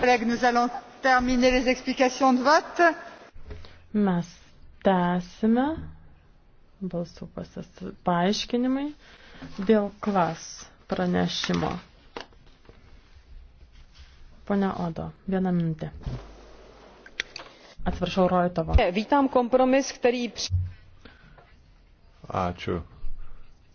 Mes tęsime balsų paaiškinimai dėl klas pranešimo. Pone Odo, vieną minutę. Atsiprašau, Rojtovo. Vítám kompromis, který... Ačiū.